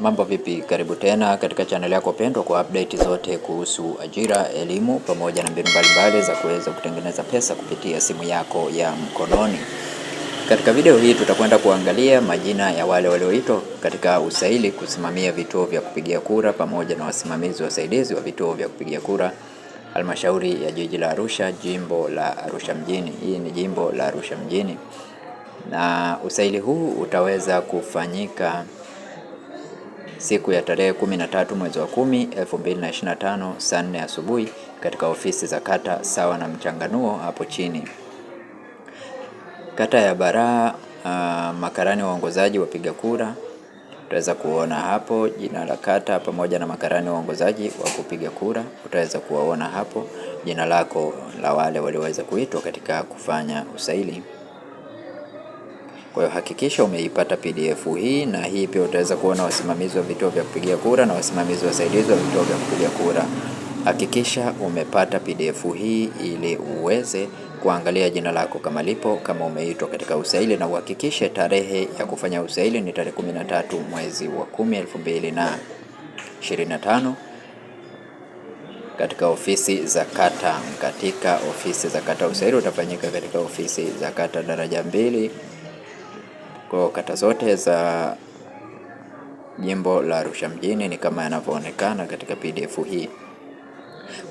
Mambo vipi? Karibu tena katika chaneli yako pendwa kwa update zote kuhusu ajira, elimu pamoja na mbinu mbalimbali za kuweza kutengeneza pesa kupitia simu yako ya mkononi. Katika video hii tutakwenda kuangalia majina ya wale walioitwa katika usaili kusimamia vituo vya kupigia kura pamoja na wasimamizi wasaidizi wa vituo vya kupigia kura halmashauri ya jiji la Arusha, jimbo la Arusha mjini. Hii ni jimbo la Arusha mjini, na usaili huu utaweza kufanyika siku ya tarehe 13 mwezi wa 10 2025 saa 4 asubuhi katika ofisi za kata sawa na mchanganuo hapo chini. Kata ya Baraa, uh, makarani waongozaji wapiga kura utaweza kuona hapo jina la kata pamoja na makarani waongozaji wa kupiga kura, utaweza kuwaona hapo jina lako la wale walioweza kuitwa katika kufanya usaili. Kwa hiyo hakikisha umeipata PDF hii, na hii pia utaweza kuona wasimamizi wa vituo vya kupigia kura na wasimamizi wasaidizi wa vituo vya kupigia kura. Hakikisha umepata PDF hii ili uweze kuangalia jina lako kama lipo, kama umeitwa katika usaili, na uhakikishe tarehe ya kufanya usaili ni tarehe 13 mwezi wa 10 2025 katika ofisi za kata. Katika ofisi za kata usaili utafanyika katika ofisi za kata daraja mbili. Kwa kata zote za jimbo la Arusha mjini ni kama yanavyoonekana katika PDF hii.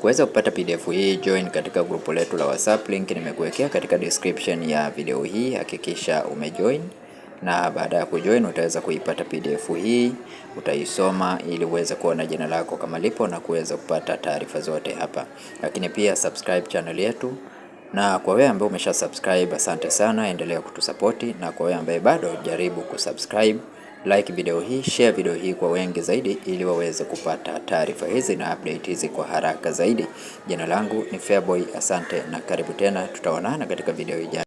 Kuweza kupata PDF hii, join katika grupu letu la WhatsApp, link nimekuwekea katika description ya video hii, hakikisha umejoin na baada ya kujoin utaweza kuipata PDF hii, utaisoma ili uweze kuona jina lako kama lipo na kuweza kupata taarifa zote hapa. Lakini pia subscribe channel yetu. Na kwa wewe ambaye umesha subscribe, asante sana, endelea kutusapoti. Na kwa wewe ambaye bado jaribu kusubscribe, like video hii, share video hii kwa wengi zaidi, ili waweze kupata taarifa hizi na update hizi kwa haraka zaidi. Jina langu ni Feaboy, asante na karibu tena, tutaonana katika video ijayo.